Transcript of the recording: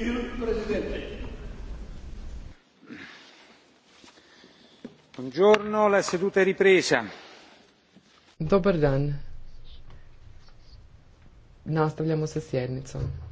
Il Presidente. Buongiorno, la seduta è ripresa. Dobar dan. Nastavljamo sa sjednicom.